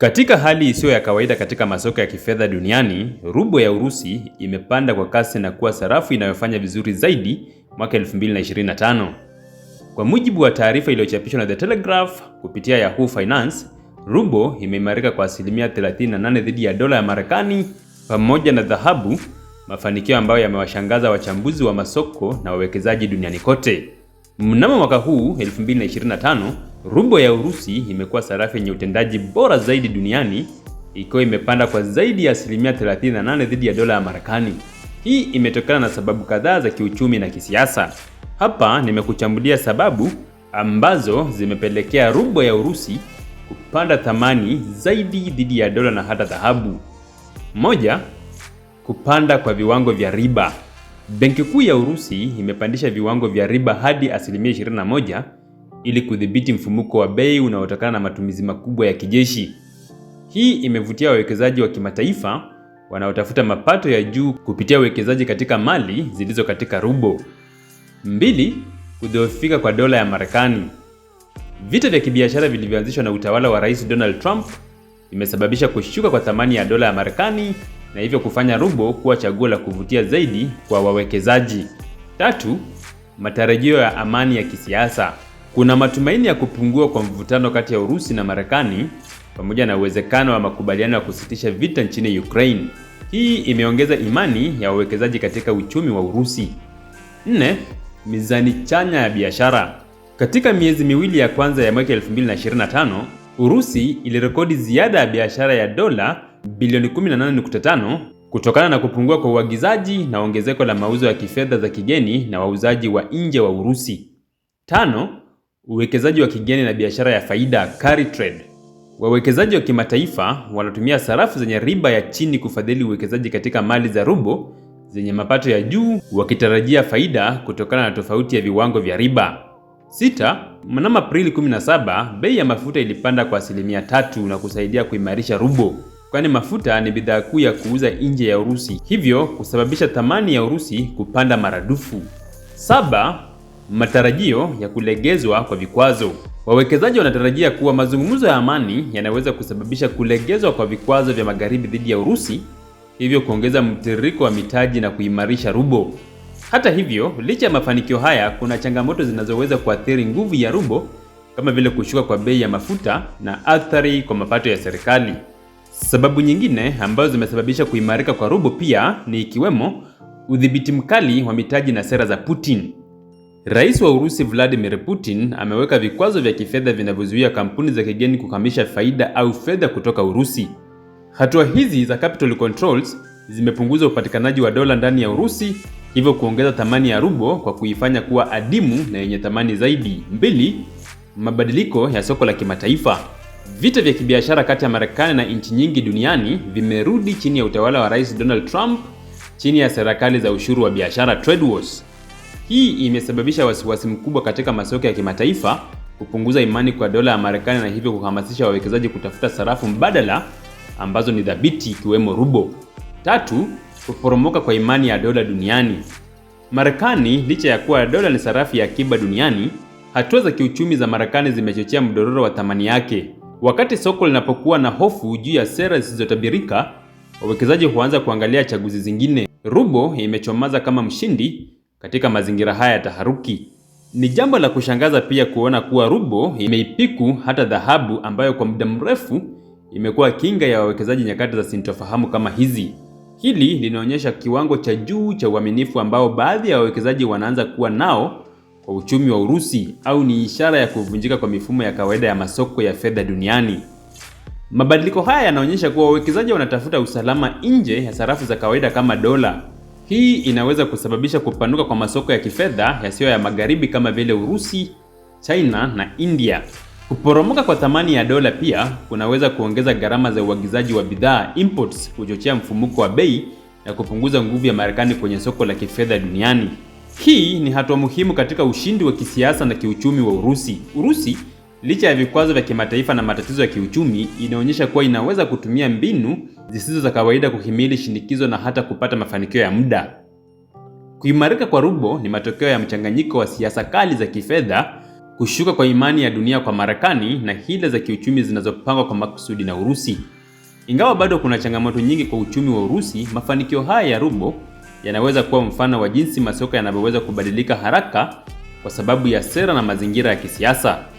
Katika hali isiyo ya kawaida katika masoko ya kifedha duniani, rubo ya Urusi imepanda kwa kasi na kuwa sarafu inayofanya vizuri zaidi mwaka 2025. Kwa mujibu wa taarifa iliyochapishwa na The Telegraph kupitia Yahoo Finance, rubo imeimarika kwa asilimia 38 dhidi ya dola ya Marekani pamoja na dhahabu, mafanikio ambayo yamewashangaza wachambuzi wa masoko na wawekezaji duniani kote. Mnamo mwaka huu 2025 rubo ya Urusi imekuwa sarafu yenye utendaji bora zaidi duniani ikiwa imepanda kwa zaidi ya asilimia 38 dhidi ya dola ya Marekani. Hii imetokana na sababu kadhaa za kiuchumi na kisiasa. Hapa nimekuchambulia sababu ambazo zimepelekea rubo ya Urusi kupanda thamani zaidi dhidi ya dola na hata dhahabu. Moja, kupanda kwa viwango vya riba. Benki Kuu ya Urusi imepandisha viwango vya riba hadi asilimia 21 ili kudhibiti mfumuko wa bei unaotokana na matumizi makubwa ya kijeshi. Hii imevutia wawekezaji wa kimataifa wanaotafuta mapato ya juu kupitia uwekezaji katika mali zilizo katika rubo. Mbili, kudhoofika kwa dola ya Marekani. Vita vya kibiashara vilivyoanzishwa na utawala wa Rais Donald Trump vimesababisha kushuka kwa thamani ya dola ya Marekani na hivyo kufanya rubo kuwa chaguo la kuvutia zaidi kwa wawekezaji. Tatu, matarajio ya amani ya kisiasa. Kuna matumaini ya kupungua kwa mvutano kati ya Urusi na Marekani pamoja na uwezekano wa makubaliano ya kusitisha vita nchini Ukraine. Hii imeongeza imani ya wawekezaji katika uchumi wa Urusi. Nne, mizani chanya ya biashara. Katika miezi miwili ya kwanza ya mwaka 2025, Urusi ilirekodi ziada ya biashara ya dola bilioni 18.5 kutokana na kupungua kwa uagizaji na ongezeko la mauzo ya kifedha za kigeni na wauzaji wa nje wa Urusi. Tano, Uwekezaji wa kigeni na biashara ya faida carry trade. Wawekezaji wa kimataifa wanatumia sarafu zenye riba ya chini kufadhili uwekezaji katika mali za rubo zenye mapato ya juu wakitarajia faida kutokana na tofauti ya viwango vya riba. Sita, mnamo Aprili 17 bei ya mafuta ilipanda kwa asilimia tatu na kusaidia kuimarisha rubo, kwani mafuta ni bidhaa kuu ya kuuza nje ya Urusi, hivyo kusababisha thamani ya Urusi kupanda maradufu. Saba, Matarajio ya kulegezwa kwa vikwazo. Wawekezaji wanatarajia kuwa mazungumzo ya amani yanaweza kusababisha kulegezwa kwa vikwazo vya magharibi dhidi ya Urusi, hivyo kuongeza mtiririko wa mitaji na kuimarisha rubo. Hata hivyo, licha ya mafanikio haya, kuna changamoto zinazoweza kuathiri nguvu ya rubo kama vile kushuka kwa bei ya mafuta na athari kwa mapato ya serikali. Sababu nyingine ambazo zimesababisha kuimarika kwa rubo pia ni ikiwemo udhibiti mkali wa mitaji na sera za Putin. Rais wa Urusi Vladimir Putin ameweka vikwazo vya kifedha vinavyozuia kampuni za kigeni kuhamisha faida au fedha kutoka Urusi. Hatua hizi za capital controls zimepunguza upatikanaji wa dola ndani ya Urusi, hivyo kuongeza thamani ya rubo kwa kuifanya kuwa adimu na yenye thamani zaidi. Mbili, mabadiliko ya soko la kimataifa. Vita vya kibiashara kati ya Marekani na nchi nyingi duniani vimerudi chini ya utawala wa Rais Donald Trump chini ya serikali za ushuru wa biashara trade wars. Hii imesababisha wasiwasi mkubwa katika masoko ya kimataifa, kupunguza imani kwa dola ya Marekani na hivyo kuhamasisha wawekezaji kutafuta sarafu mbadala ambazo ni dhabiti ikiwemo rubo. Tatu, kuporomoka kwa imani ya dola duniani. Marekani, licha ya kuwa dola ni sarafu ya akiba duniani, hatua za kiuchumi za Marekani zimechochea mdororo wa thamani yake. Wakati soko linapokuwa na hofu juu ya sera zisizotabirika, wawekezaji huanza kuangalia chaguzi zingine. Rubo imechomaza kama mshindi katika mazingira haya ya taharuki, ni jambo la kushangaza pia kuona kuwa rubo imeipiku hata dhahabu ambayo kwa muda mrefu imekuwa kinga ya wawekezaji nyakati za sintofahamu kama hizi. Hili linaonyesha kiwango cha juu cha uaminifu ambao baadhi ya wawekezaji wanaanza kuwa nao kwa uchumi wa Urusi au ni ishara ya kuvunjika kwa mifumo ya kawaida ya masoko ya fedha duniani. Mabadiliko haya yanaonyesha kuwa wawekezaji wanatafuta usalama nje ya sarafu za kawaida kama dola. Hii inaweza kusababisha kupanuka kwa masoko ya kifedha yasiyo ya magharibi kama vile Urusi, China na India. Kuporomoka kwa thamani ya dola pia kunaweza kuongeza gharama za uagizaji wa bidhaa imports, kuchochea mfumuko wa bei na kupunguza nguvu ya Marekani kwenye soko la kifedha duniani. Hii ni hatua muhimu katika ushindi wa kisiasa na kiuchumi wa Urusi. Urusi, licha ya vikwazo vya kimataifa na matatizo ya kiuchumi, inaonyesha kuwa inaweza kutumia mbinu zisizo za kawaida kuhimili shinikizo na hata kupata mafanikio ya muda. Kuimarika kwa rubo ni matokeo ya mchanganyiko wa siasa kali za kifedha, kushuka kwa imani ya dunia kwa Marekani na hila za kiuchumi zinazopangwa kwa makusudi na Urusi. Ingawa bado kuna changamoto nyingi kwa uchumi wa Urusi, mafanikio haya ya rubo yanaweza kuwa mfano wa jinsi masoko yanavyoweza kubadilika haraka kwa sababu ya sera na mazingira ya kisiasa.